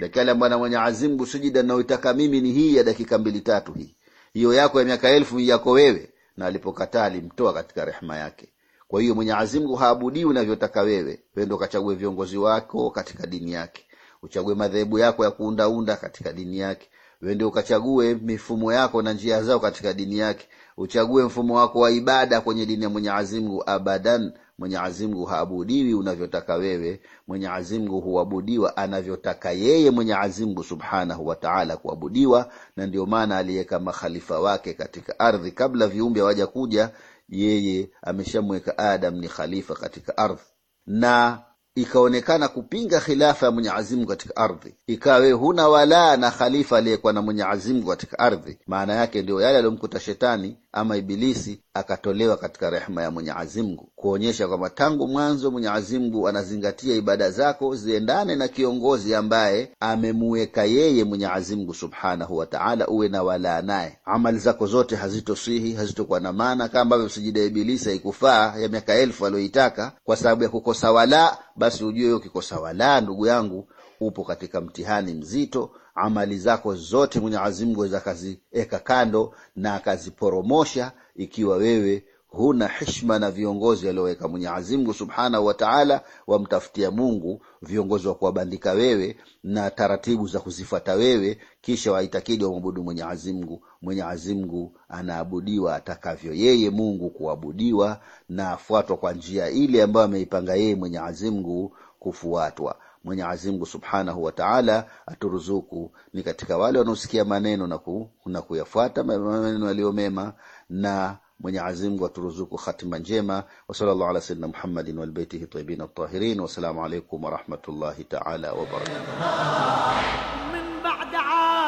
Dakika ile Bwana Mwenyezi Mungu, sujida naoitaka mimi ni hii ya dakika mbili tatu, hii hiyo yako ya miaka elfu yako wewe. Na alipokataa alimtoa katika rehma yake. Kwa hiyo Mwenyezi Mungu haabudii unavyotaka wewe. Wewe ndio ukachague viongozi wako katika dini yake, uchague madhehebu yako ya kuundaunda katika dini yake wende ukachague mifumo yako na njia zao katika dini yake uchague mfumo wako wa ibada kwenye dini ya Mwenyezi abadan Mwenyezi haabudiwi unavyotaka wewe Mwenyezi huabudiwa anavyotaka yeye mwenyeazimgu subhanahu wataala kuabudiwa na ndio maana aliweka makhalifa wake katika ardhi kabla viumbe hawaja kuja yeye ameshamweka Adam ni khalifa katika ardhi na ikaonekana kupinga khilafa ya Mwenyezi katika ardhi, ikawe huna walaa na khalifa aliyekuwa na Mwenyezi katika ardhi. Maana yake ndio yale aliyomkuta shetani ama Ibilisi akatolewa katika rehema ya Mwenyezi Mungu, kuonyesha kwamba tangu mwanzo Mwenyezi Mungu anazingatia ibada zako ziendane na kiongozi ambaye amemuweka yeye Mwenyezi Mungu subhanahu wa taala, uwe na walaa naye. Amali zako zote hazitosihi, hazitokuwa na maana, kama ambavyo sijida ya Ibilisi haikufaa ya miaka elfu aliyoitaka kwa sababu ya kukosa walaa. Basi ujue ukikosa walaa, ndugu yangu, upo katika mtihani mzito amali zako zote Mwenyezi Mungu akaziweka kando na akaziporomosha, ikiwa wewe huna hishma na viongozi walioweka Mwenyezi Mungu subhanahu wa taala. Wamtafutia Mungu viongozi wa kuwabandika wewe na taratibu za kuzifata wewe, kisha waitakidi wamwabudu Mwenyezi Mungu. Mwenyezi Mungu anaabudiwa atakavyo yeye Mungu kuabudiwa, na afuatwa kwa njia ile ambayo ameipanga yeye Mwenyezi Mungu kufuatwa. Mwenyezi Mungu Subhanahu wa Ta'ala aturuzuku ni katika wale wanaosikia maneno na ku, na kuyafuata maneno yaliyo mema na Mwenyezi Mungu aturuzuku hatima njema wa sallallahu ala sayyidina Muhammadin wal baitihi tayyibin at-tahirin wa salamu alaykum wa rahmatullahi ta'ala wa barakatuh min ba'da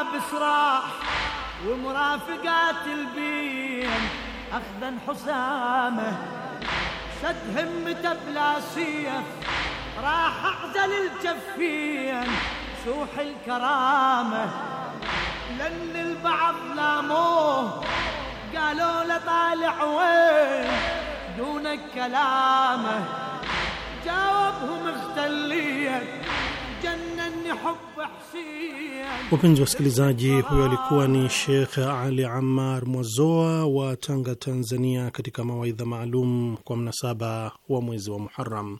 absrah wa murafiqat al-bin akhdan husama sad himmata bla siyaf راح اعزل الجفين سوح الكرامه لان البعض لاموه قالوا له طالع وين دونك كلامه جاوبهم اختلية جنني حب حسين وبنج وسكليزاجي هو لكواني شيخ علي عمار موزوة وتنغا تنزانيا كتك موايدة معلوم كومنا سابا وموزوة محرم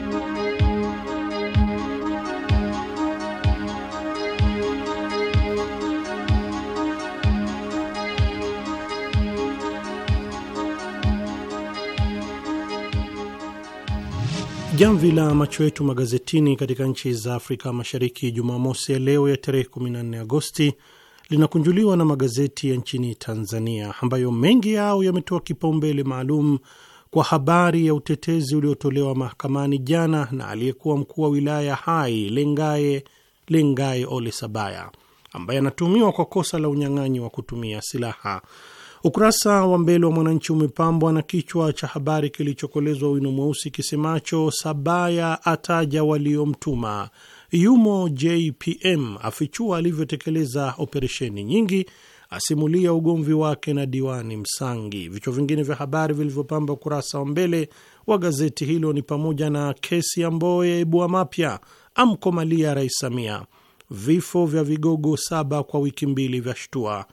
Jamvi la macho yetu magazetini katika nchi za Afrika Mashariki Jumamosi ya leo ya tarehe 14 Agosti linakunjuliwa na magazeti ya nchini Tanzania ambayo mengi yao yametoa kipaumbele maalum kwa habari ya utetezi uliotolewa mahakamani jana na aliyekuwa mkuu wa wilaya Hai Lengae Lengae Ole Sabaya ambaye anatuhumiwa kwa kosa la unyang'anyi wa kutumia silaha. Ukurasa wa mbele wa Mwananchi umepambwa na kichwa cha habari kilichokolezwa wino mweusi kisemacho Sabaya ataja waliomtuma, yumo JPM afichua alivyotekeleza operesheni nyingi, asimulia ugomvi wake na diwani Msangi. Vichwa vingine vya habari vilivyopamba ukurasa wa mbele wa gazeti hilo ni pamoja na kesi ya Mboye ibua mapya, amkomalia Rais Samia, vifo vya vigogo saba kwa wiki mbili vya shtua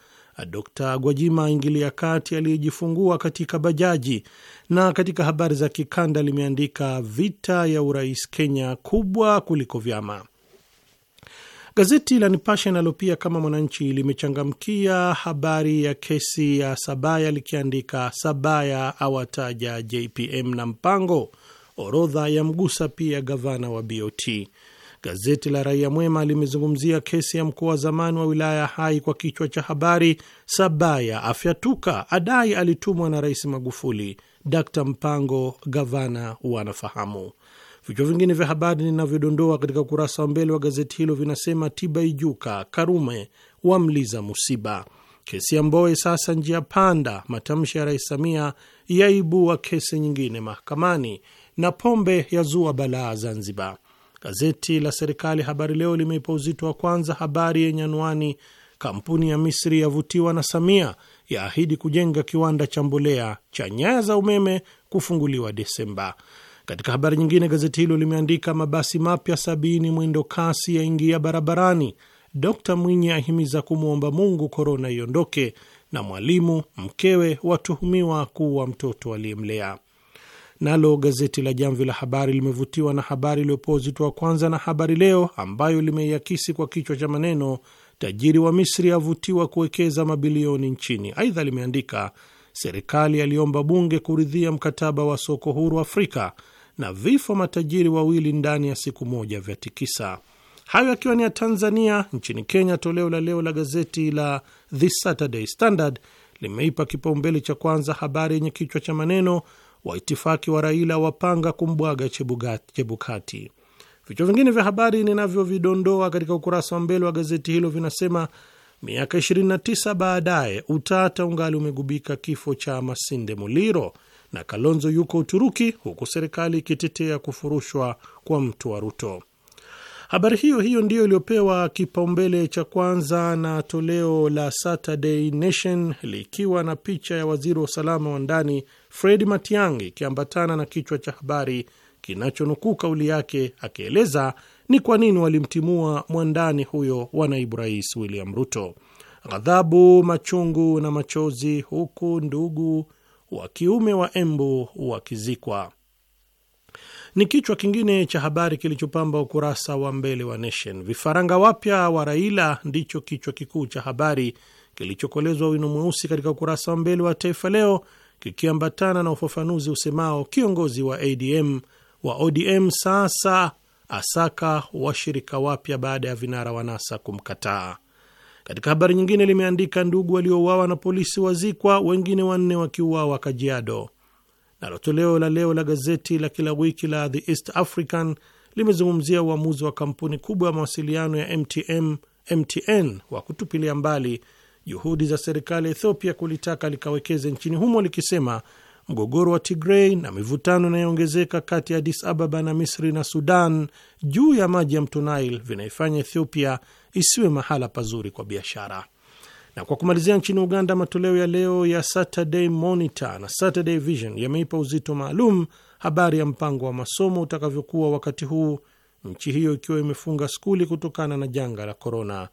Dr Gwajima aingilia kati aliyejifungua katika bajaji. Na katika habari za kikanda limeandika vita ya urais Kenya kubwa kuliko vyama. Gazeti la Nipashe nalo pia kama Mwananchi limechangamkia habari ya kesi ya Sabaya likiandika, Sabaya awataja JPM na Mpango, orodha ya mgusa pia gavana wa BOT. Gazeti la Raia Mwema limezungumzia kesi ya mkuu wa zamani wa wilaya ya Hai kwa kichwa cha habari, Sabaya afyatuka, adai alitumwa na Rais Magufuli. Dkt Mpango gavana wanafahamu. Vichwa vingine vya habari ninavyodondoa katika ukurasa wa mbele wa gazeti hilo vinasema: Tibaijuka, Karume wamliza musiba, kesi ya Mboe sasa njia panda, matamshi ya Rais Samia yaibua kesi nyingine mahakamani, na pombe yazua balaa Zanzibar. Gazeti la serikali Habari Leo limeipa uzito wa kwanza habari yenye anwani kampuni ya Misri yavutiwa na Samia, yaahidi kujenga kiwanda cha mbolea cha nyaya za umeme kufunguliwa Desemba. Katika habari nyingine, gazeti hilo limeandika mabasi mapya sabini mwendo kasi yaingia barabarani, Dkt Mwinyi ahimiza kumwomba Mungu korona iondoke, na mwalimu mkewe watuhumiwa kuwa mtoto aliyemlea. Nalo gazeti la Jamvi la Habari limevutiwa na habari iliyopewa uzito wa kwanza na Habari Leo, ambayo limeiakisi kwa kichwa cha maneno tajiri wa Misri avutiwa kuwekeza mabilioni nchini. Aidha limeandika serikali aliomba bunge kuridhia mkataba wa soko huru Afrika, na vifo matajiri wawili ndani ya siku moja vya tikisa. Hayo akiwa ni ya Tanzania. Nchini Kenya, toleo la leo la gazeti la The Saturday Standard limeipa kipaumbele cha kwanza habari yenye kichwa cha maneno waitifaki wa Raila wapanga kumbwaga Chebukati, Vichwa vingine vya habari ninavyovidondoa katika ukurasa wa mbele wa gazeti hilo vinasema miaka 29 baadaye utata ungali umegubika kifo cha Masinde Muliro na Kalonzo yuko Uturuki, huku serikali ikitetea kufurushwa kwa mtu wa Ruto. Habari hiyo hiyo ndiyo iliyopewa kipaumbele cha kwanza na toleo la Saturday Nation likiwa na picha ya waziri wa usalama wa ndani Fred Matiang'i ikiambatana na kichwa cha habari kinachonukuu kauli yake akieleza ni kwa nini walimtimua mwandani huyo wa naibu rais William Ruto. Ghadhabu, machungu na machozi, huku ndugu wa kiume wa Embu wakizikwa ni kichwa kingine cha habari kilichopamba ukurasa wa mbele wa Nation. Vifaranga wapya wa Raila ndicho kichwa kikuu cha habari kilichokolezwa wino mweusi katika ukurasa wa mbele wa Taifa Leo, kikiambatana na ufafanuzi usemao kiongozi wa ADM wa ODM sasa asaka washirika wapya baada ya vinara wa NASA kumkataa. Katika habari nyingine, limeandika ndugu waliouawa na polisi wazikwa, wengine wanne wakiuawa Kajiado. Nalo toleo la leo la gazeti la kila wiki la The East African limezungumzia uamuzi wa kampuni kubwa ya mawasiliano ya MTM, MTN wa kutupilia mbali juhudi za serikali ya Ethiopia kulitaka likawekeze nchini humo likisema mgogoro wa Tigrei na mivutano inayoongezeka kati ya Adis Ababa na Misri na Sudan juu ya maji ya mto Nile vinaifanya Ethiopia isiwe mahala pazuri kwa biashara. Na kwa kumalizia, nchini Uganda, matoleo ya leo ya Saturday Monitor na Saturday Vision yameipa uzito maalum habari ya mpango wa masomo utakavyokuwa wakati huu nchi hiyo ikiwa imefunga skuli kutokana na janga la korona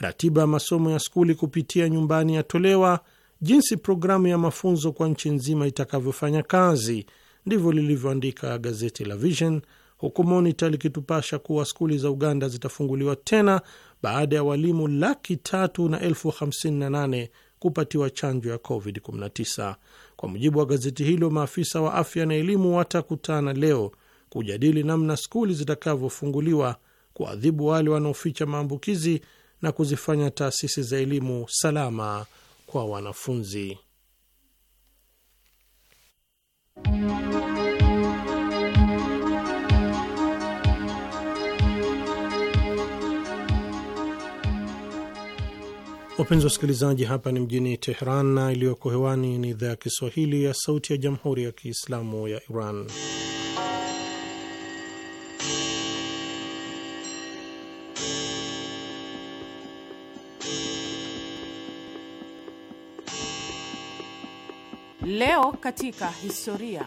ratiba ya masomo ya skuli kupitia nyumbani yatolewa, jinsi programu ya mafunzo kwa nchi nzima itakavyofanya kazi. Ndivyo lilivyoandika gazeti la Vision, huku Monita likitupasha kuwa skuli za Uganda zitafunguliwa tena baada ya walimu laki tatu na elfu hamsini na nane kupatiwa chanjo ya COVID-19. Kwa mujibu wa gazeti hilo, maafisa wa afya na elimu watakutana leo kujadili namna skuli zitakavyofunguliwa, kuadhibu wale wanaoficha maambukizi na kuzifanya taasisi za elimu salama kwa wanafunzi. Wapenzi wa wasikilizaji, hapa ni mjini Teheran na iliyoko hewani ni idhaa ya Kiswahili ya Sauti ya Jamhuri ya Kiislamu ya Iran. Leo katika historia.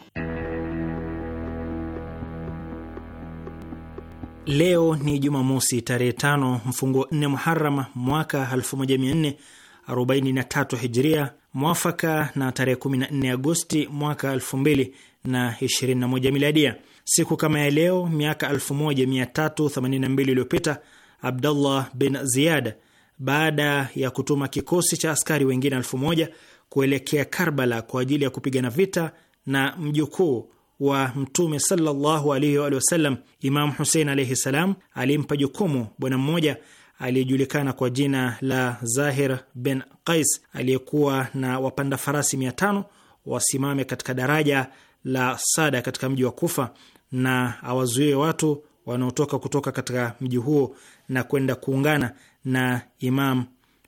Leo ni Jumamosi tarehe tano mfungo 4 Muharam mwaka 1443 Hijria, mwafaka na tarehe 14 Agosti mwaka 2021 Miladia. Siku kama ya leo miaka 1382 iliyopita, Abdullah bin Ziyad baada ya kutuma kikosi cha askari wengine elfu moja kuelekea Karbala kwa ajili ya kupigana vita na mjukuu wa Mtume sallallahu alaihi wa sallam, Imam Husein alaihi salam, alimpa jukumu bwana mmoja aliyejulikana kwa jina la Zahir bin Qais aliyekuwa na wapanda farasi mia tano wasimame katika daraja la Sada katika mji wa Kufa na awazuie watu wanaotoka kutoka katika mji huo na kwenda kuungana na Imam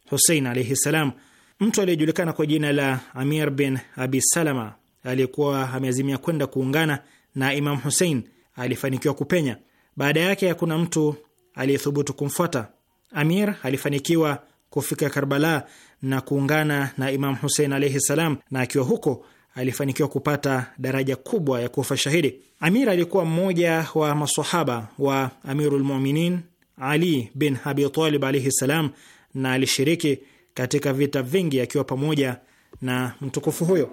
Husein alaihi salam Mtu aliyejulikana kwa jina la Amir bin Abi Salama aliyekuwa ameazimia kwenda kuungana na Imam husein alifanikiwa kupenya. Baada yake hakuna mtu aliyethubutu kumfuata. Amir alifanikiwa kufika Karbala na kuungana na Imam husein alaihi salam, na akiwa huko alifanikiwa kupata daraja kubwa ya kufa shahidi. Amir alikuwa mmoja wa masahaba wa amirulmuminin Ali bin Abi Talib alaihi salam, na alishiriki katika vita vingi akiwa pamoja na mtukufu huyo.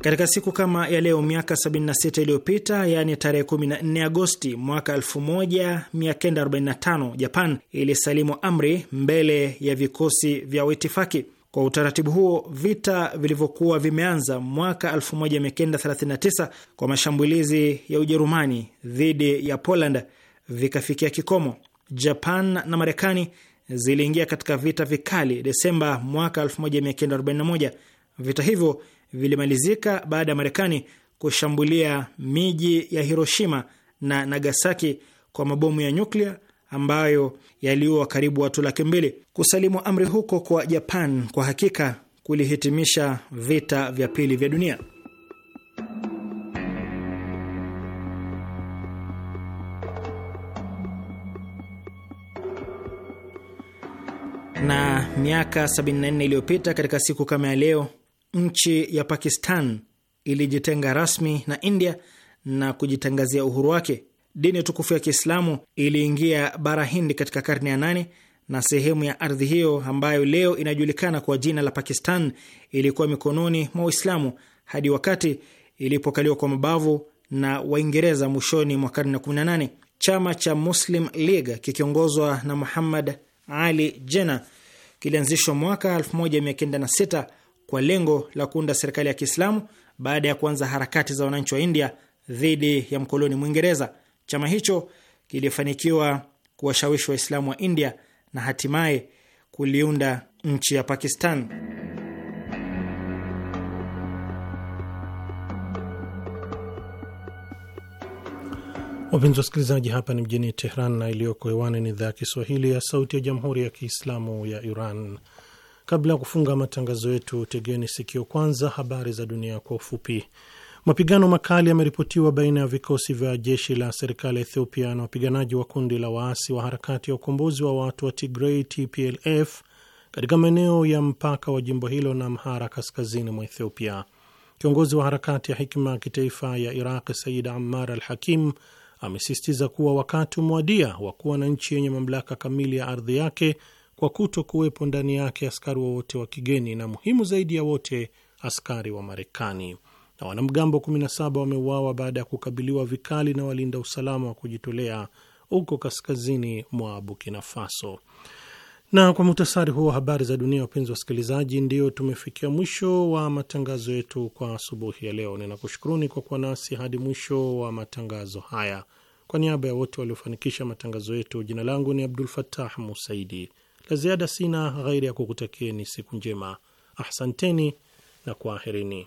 Katika siku kama ya leo miaka 76 iliyopita, yaani tarehe 14 Agosti mwaka 1945, Japan ilisalimu amri mbele ya vikosi vya Waitifaki. Kwa utaratibu huo, vita vilivyokuwa vimeanza mwaka 1939 kwa mashambulizi ya Ujerumani dhidi ya Poland vikafikia kikomo. Japan na Marekani ziliingia katika vita vikali Desemba mwaka 1941. Vita hivyo vilimalizika baada ya Marekani kushambulia miji ya Hiroshima na Nagasaki kwa mabomu ya nyuklia ambayo yaliua karibu watu laki mbili. Kusalimu amri huko kwa Japan kwa hakika kulihitimisha vita vya pili vya dunia. Na miaka 74 iliyopita katika siku kama ya leo, nchi ya Pakistan ilijitenga rasmi na India na kujitangazia uhuru wake dini tukufu ya Kiislamu iliingia bara Hindi katika karne ya nane na sehemu ya ardhi hiyo ambayo leo inajulikana kwa jina la Pakistan ilikuwa mikononi mwa Waislamu hadi wakati ilipokaliwa kwa mabavu na Waingereza mwishoni mwa karne ya 18. Chama cha Muslim League kikiongozwa na Muhammad Ali Jinnah kilianzishwa mwaka 1906 kwa lengo la kuunda serikali ya Kiislamu baada ya kuanza harakati za wananchi wa India dhidi ya mkoloni Mwingereza. Chama hicho kilifanikiwa kuwashawishi Waislamu wa India na hatimaye kuliunda nchi ya Pakistan. Wapenzi wasikilizaji, hapa ni mjini Tehran na iliyoko hewani ni idhaa ya Kiswahili ya Sauti ya Jamhuri ya Kiislamu ya Iran. Kabla ya kufunga matangazo yetu, tegeni sikio kwanza habari za dunia kwa ufupi. Mapigano makali yameripotiwa baina ya vikosi vya jeshi la serikali ya Ethiopia na wapiganaji wa kundi la waasi wa harakati ya ukombozi wa watu wa Tigrei, TPLF, katika maeneo ya mpaka wa jimbo hilo na Amhara, kaskazini mwa Ethiopia. Kiongozi wa harakati ya Hikma ya kitaifa ya Iraq, Said Ammar al Hakim, amesisitiza kuwa wakati umewadia wa kuwa na nchi yenye mamlaka kamili ya ardhi yake kwa kuto kuwepo ndani yake askari wowote wa, wa kigeni na muhimu zaidi ya wote askari wa Marekani na wanamgambo 17 wameuawa baada ya kukabiliwa vikali na walinda usalama wa kujitolea huko kaskazini mwa Burkina Faso. Na kwa muhtasari huo habari za dunia, wapenzi wasikilizaji, ndio tumefikia mwisho wa matangazo yetu kwa asubuhi ya leo. Ninakushukuruni kwa kuwa nasi hadi mwisho wa matangazo haya. Kwa niaba ya wote waliofanikisha matangazo yetu, jina langu ni Abdul Fatah Musaidi. La ziada sina ghairi ya kukutakieni siku njema. Ahsanteni na kwaherini.